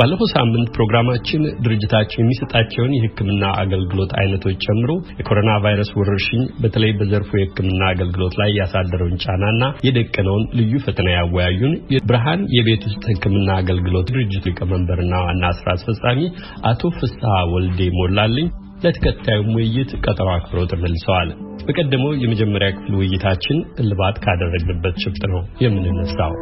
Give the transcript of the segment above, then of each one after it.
ባለፈው ሳምንት ፕሮግራማችን ድርጅታቸው የሚሰጣቸውን የሕክምና አገልግሎት አይነቶች ጨምሮ የኮሮና ቫይረስ ወረርሽኝ በተለይ በዘርፉ የሕክምና አገልግሎት ላይ ያሳደረውን ጫናና የደቀነውን ልዩ ፈተና ያወያዩን የብርሃን የቤት ውስጥ ሕክምና አገልግሎት ድርጅቱ ሊቀመንበርና ዋና ስራ አስፈጻሚ አቶ ፍስሐ ወልዴ ሞላልኝ ለተከታዩም ውይይት ቀጠሮ አክብሮ ተመልሰዋል። በቀደመው የመጀመሪያ ክፍል ውይይታችን እልባት ካደረግንበት ጭብጥ ነው የምንነሳው።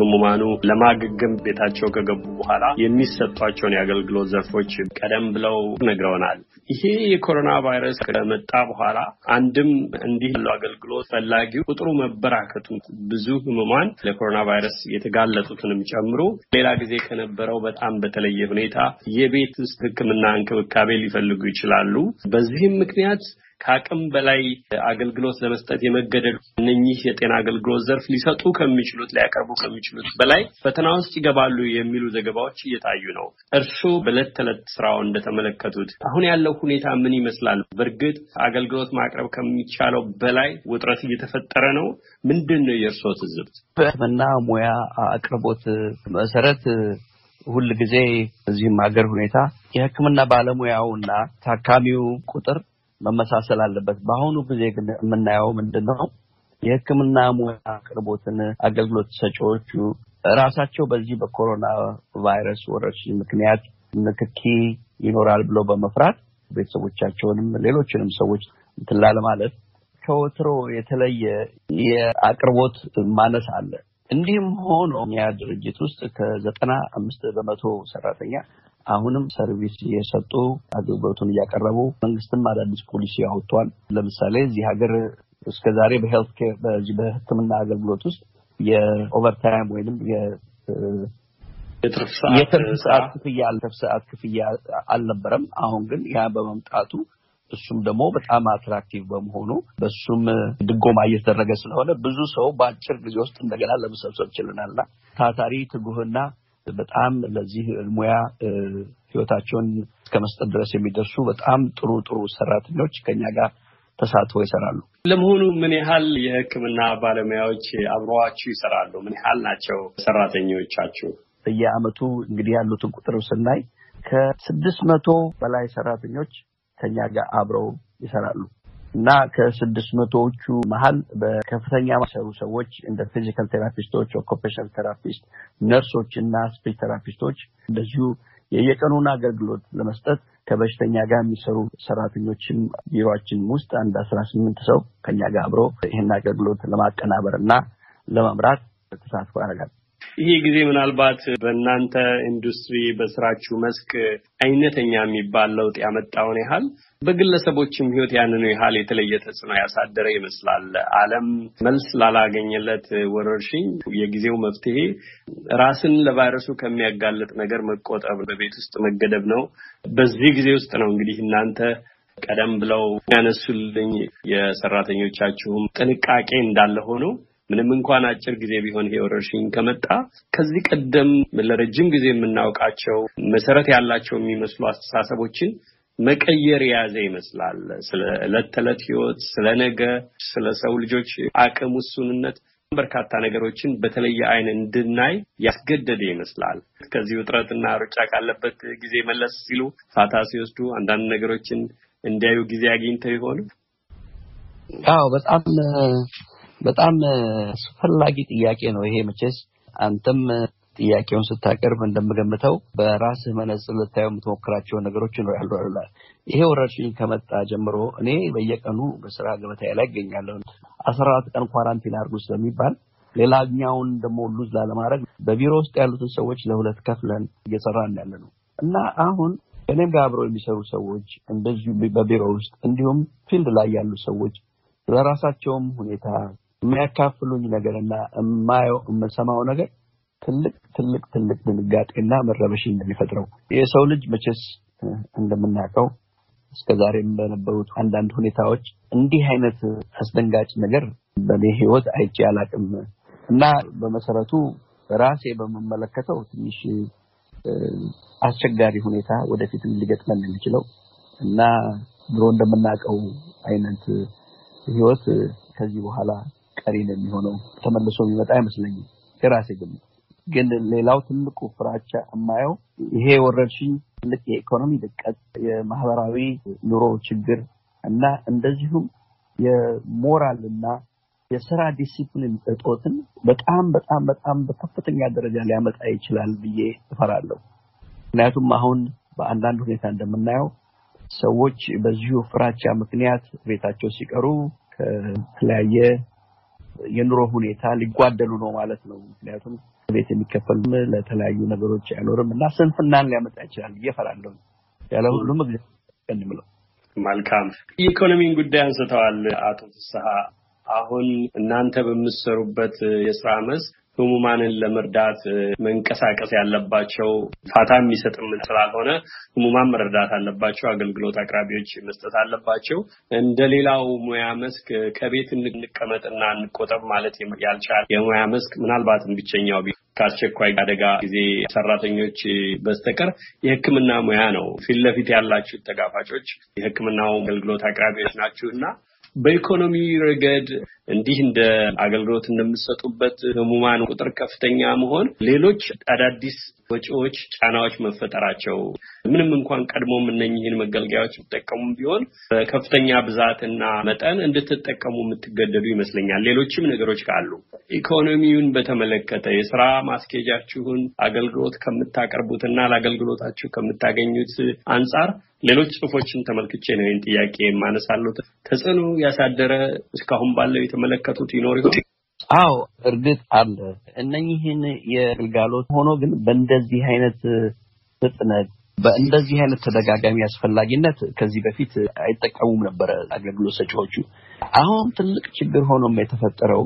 ህሙማኑ ለማገገም ቤታቸው ከገቡ በኋላ የሚሰጧቸውን የአገልግሎት ዘርፎች ቀደም ብለው ነግረውናል። ይሄ የኮሮና ቫይረስ ከመጣ በኋላ አንድም እንዲህ ያለው አገልግሎት ፈላጊ ቁጥሩ መበራከቱን ብዙ ህሙማን ለኮሮና ቫይረስ የተጋለጡትንም ጨምሮ ሌላ ጊዜ ከነበረው በጣም በተለየ ሁኔታ የቤት ውስጥ ህክምና እንክብካቤ ሊፈልጉ ይችላሉ። በዚህም ምክንያት ከአቅም በላይ አገልግሎት ለመስጠት የመገደዱ እነኚህ የጤና አገልግሎት ዘርፍ ሊሰጡ ከሚችሉት ሊያቀርቡ ከሚችሉት በላይ ፈተና ውስጥ ይገባሉ የሚሉ ዘገባዎች እየታዩ ነው። እርስዎ በዕለት ተዕለት ስራው እንደተመለከቱት አሁን ያለው ሁኔታ ምን ይመስላል? በእርግጥ አገልግሎት ማቅረብ ከሚቻለው በላይ ውጥረት እየተፈጠረ ነው? ምንድን ነው የእርስዎ ትዝብት? በሕክምና ሙያ አቅርቦት መሰረት ሁል ጊዜ እዚህም ሀገር ሁኔታ የሕክምና ባለሙያውና ታካሚው ቁጥር መመሳሰል አለበት። በአሁኑ ጊዜ ግን የምናየው ምንድን ነው? የሕክምና ሙያ አቅርቦትን አገልግሎት ሰጪዎቹ ራሳቸው በዚህ በኮሮና ቫይረስ ወረርሽኝ ምክንያት ንክኪ ይኖራል ብሎ በመፍራት ቤተሰቦቻቸውንም ሌሎችንም ሰዎች እንትን ላለማለት ከወትሮ የተለየ የአቅርቦት ማነስ አለ። እንዲህም ሆኖ እኛ ድርጅት ውስጥ ከዘጠና አምስት በመቶ ሰራተኛ አሁንም ሰርቪስ እየሰጡ አገልግሎቱን እያቀረቡ መንግስትም አዳዲስ ፖሊሲ አውጥቷል። ለምሳሌ እዚህ ሀገር እስከ ዛሬ በሄልት ኬር በዚህ በሕክምና አገልግሎት ውስጥ የኦቨርታይም ወይም የትርፍ ሰዓት ክፍያ ትርፍ ሰዓት ክፍያ አልነበረም። አሁን ግን ያ በመምጣቱ እሱም ደግሞ በጣም አትራክቲቭ በመሆኑ በሱም ድጎማ እየተደረገ ስለሆነ ብዙ ሰው በአጭር ጊዜ ውስጥ እንደገና ለመሰብሰብ ችለናል ታታሪ ትጉህና በጣም ለዚህ ሙያ ህይወታቸውን እስከመስጠት ድረስ የሚደርሱ በጣም ጥሩ ጥሩ ሰራተኞች ከኛ ጋር ተሳትፎ ይሰራሉ። ለመሆኑ ምን ያህል የህክምና ባለሙያዎች አብረዋችሁ ይሰራሉ? ምን ያህል ናቸው ሰራተኞቻችሁ? በየአመቱ እንግዲህ ያሉትን ቁጥር ስናይ ከስድስት መቶ በላይ ሰራተኞች ከኛ ጋር አብረው ይሰራሉ። እና ከስድስት መቶዎቹ መሀል በከፍተኛ የሚሰሩ ሰዎች እንደ ፊዚካል ቴራፒስቶች፣ ኦኮፔሽናል ቴራፒስት፣ ነርሶች እና ስፒች ቴራፒስቶች እንደዚሁ የየቀኑን አገልግሎት ለመስጠት ከበሽተኛ ጋር የሚሰሩ ሰራተኞችም ቢሮችን ውስጥ አንድ አስራ ስምንት ሰው ከኛ ጋር አብሮ ይህን አገልግሎት ለማቀናበር እና ለመምራት ተሳትፎ ያደርጋል። ይሄ ጊዜ ምናልባት በእናንተ ኢንዱስትሪ በስራችሁ መስክ አይነተኛ የሚባል ለውጥ ያመጣውን ያህል በግለሰቦችም ህይወት ያንኑ ያህል የተለየ ተጽዕኖ ያሳደረ ይመስላል። ዓለም መልስ ላላገኘለት ወረርሽኝ የጊዜው መፍትሄ ራስን ለቫይረሱ ከሚያጋልጥ ነገር መቆጠብ፣ በቤት ውስጥ መገደብ ነው። በዚህ ጊዜ ውስጥ ነው እንግዲህ እናንተ ቀደም ብለው ያነሱልኝ የሰራተኞቻችሁም ጥንቃቄ እንዳለ ሆኖ ምንም እንኳን አጭር ጊዜ ቢሆን ይሄ ወረርሽኝ ከመጣ ከዚህ ቀደም ለረጅም ጊዜ የምናውቃቸው መሰረት ያላቸው የሚመስሉ አስተሳሰቦችን መቀየር የያዘ ይመስላል። ስለ ዕለት ተዕለት ህይወት፣ ስለ ነገ፣ ስለ ሰው ልጆች አቅም ውሱንነት በርካታ ነገሮችን በተለየ አይን እንድናይ ያስገደደ ይመስላል። ከዚህ ውጥረትና ሩጫ ካለበት ጊዜ መለስ ሲሉ ፋታ ሲወስዱ አንዳንድ ነገሮችን እንዲያዩ ጊዜ አግኝተው ይሆን? አዎ፣ በጣም በጣም አስፈላጊ ጥያቄ ነው ይሄ። መቼስ አንተም ጥያቄውን ስታቀርብ እንደምገምተው በራስህ መነጽር ልታየው የምትሞክራቸው ነገሮች ነው ያሉ አሉላ። ይሄ ወረርሽኝ ከመጣ ጀምሮ እኔ በየቀኑ በስራ ገበታዬ ላይ ይገኛለሁ። አስራ አራት ቀን ኳራንቲን አድርጉ ስለሚባል ሌላኛውን ደግሞ ሉዝ ላለማድረግ በቢሮ ውስጥ ያሉትን ሰዎች ለሁለት ከፍለን እየሰራን ያለ ነው እና አሁን እኔም ጋር አብረው የሚሰሩ ሰዎች እንደዚሁ በቢሮ ውስጥ እንዲሁም ፊልድ ላይ ያሉ ሰዎች ለራሳቸውም ሁኔታ የሚያካፍሉኝ ነገርና የማየው የምሰማው ነገር ትልቅ ትልቅ ትልቅ ድንጋጤና መረበሽ እንደሚፈጥረው የሰው ልጅ መቼስ እንደምናውቀው እስከዛሬም በነበሩት አንዳንድ ሁኔታዎች እንዲህ አይነት አስደንጋጭ ነገር በእኔ ህይወት አይቼ አላቅም እና በመሰረቱ ራሴ በምመለከተው ትንሽ አስቸጋሪ ሁኔታ ወደፊት ሊገጥመን የሚችለው እና ድሮ እንደምናውቀው አይነት ህይወት ከዚህ በኋላ ቀሪ ነው የሚሆነው። ተመልሶ የሚመጣ አይመስለኝም የራሴ ግምት። ግን ሌላው ትልቁ ፍራቻ የማየው ይሄ ወረርሽኝ ትልቅ የኢኮኖሚ ድቀት፣ የማህበራዊ ኑሮ ችግር እና እንደዚሁም የሞራል እና የስራ ዲሲፕሊን እጦትን በጣም በጣም በጣም በከፍተኛ ደረጃ ሊያመጣ ይችላል ብዬ እፈራለሁ። ምክንያቱም አሁን በአንዳንድ ሁኔታ እንደምናየው ሰዎች በዚሁ ፍራቻ ምክንያት ቤታቸው ሲቀሩ ከተለያየ የኑሮ ሁኔታ ሊጓደሉ ነው ማለት ነው። ምክንያቱም ቤት የሚከፈል ለተለያዩ ነገሮች አይኖርም እና ስንፍናን ሊያመጣ ይችላል እየፈራለሁ ያለ ሁሉም ምለው መልካም የኢኮኖሚን ጉዳይ አንስተዋል አቶ ፍስሀ። አሁን እናንተ በምትሰሩበት የስራ መስክ ህሙማንን ለመርዳት መንቀሳቀስ ያለባቸው ፋታ የሚሰጥም ስላልሆነ ህሙማን መረዳት አለባቸው። አገልግሎት አቅራቢዎች መስጠት አለባቸው። እንደ ሌላው ሙያ መስክ ከቤት እንቀመጥና እንቆጠብ ማለት ያልቻለ የሙያ መስክ ምናልባትም ብቸኛው ከአስቸኳይ አደጋ ጊዜ ሰራተኞች በስተቀር የህክምና ሙያ ነው። ፊት ለፊት ያላችሁ ተጋፋጮች የህክምናው አገልግሎት አቅራቢዎች ናችሁ እና በኢኮኖሚ ረገድ እንዲህ እንደ አገልግሎት እንደምትሰጡበት ህሙማን ቁጥር ከፍተኛ መሆን ሌሎች አዳዲስ ወጪዎች፣ ጫናዎች መፈጠራቸው ምንም እንኳን ቀድሞም እነኝህን መገልገያዎች የሚጠቀሙ ቢሆን በከፍተኛ ብዛትና መጠን እንድትጠቀሙ የምትገደዱ ይመስለኛል። ሌሎችም ነገሮች ካሉ ኢኮኖሚውን በተመለከተ የስራ ማስኬጃችሁን አገልግሎት ከምታቀርቡትና ለአገልግሎታችሁ ከምታገኙት አንጻር ሌሎች ጽሁፎችን ተመልክቼ ነው ይህን ጥያቄ የማነሳሉት። ተጽዕኖ ያሳደረ እስካሁን ባለው የምትመለከቱት ይኖር ይሆን? አዎ እርግጥ አለ። እነኚህን የግልጋሎት ሆኖ ግን በእንደዚህ አይነት ፍጥነት በእንደዚህ አይነት ተደጋጋሚ አስፈላጊነት ከዚህ በፊት አይጠቀሙም ነበረ አገልግሎት ሰጪዎቹ። አሁን ትልቅ ችግር ሆኖም የተፈጠረው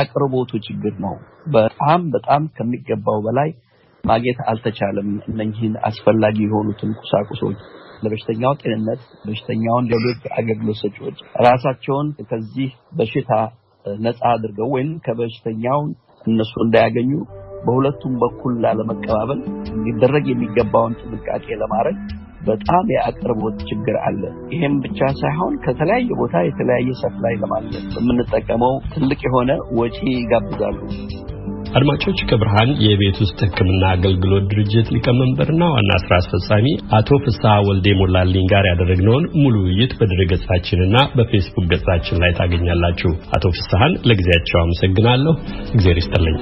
አቅርቦቱ ችግር ነው። በጣም በጣም ከሚገባው በላይ ማግኘት አልተቻለም። እነህን አስፈላጊ የሆኑትን ቁሳቁሶች ለበሽተኛው ጤንነት፣ በሽተኛውን ሌሎች አገልግሎት ሰጪዎች ራሳቸውን ከዚህ በሽታ ነፃ አድርገው ወይም ከበሽተኛው እነሱ እንዳያገኙ በሁለቱም በኩል ላለመቀባበል ሊደረግ የሚገባውን ጥንቃቄ ለማድረግ በጣም የአቅርቦት ችግር አለ። ይህም ብቻ ሳይሆን ከተለያየ ቦታ የተለያየ ሰፍ ላይ ለማለት የምንጠቀመው ትልቅ የሆነ ወጪ ይጋብዛሉ። አድማጮች ከብርሃን የቤት ውስጥ ሕክምና አገልግሎት ድርጅት ሊቀመንበርና ዋና ስራ አስፈጻሚ አቶ ፍስሐ ወልዴ ሞላልኝ ጋር ያደረግነውን ሙሉ ውይይት በድረ ገጻችንና በፌስቡክ ገጻችን ላይ ታገኛላችሁ። አቶ ፍስሐን ለጊዜያቸው አመሰግናለሁ። እግዜር ይስጥልኝ።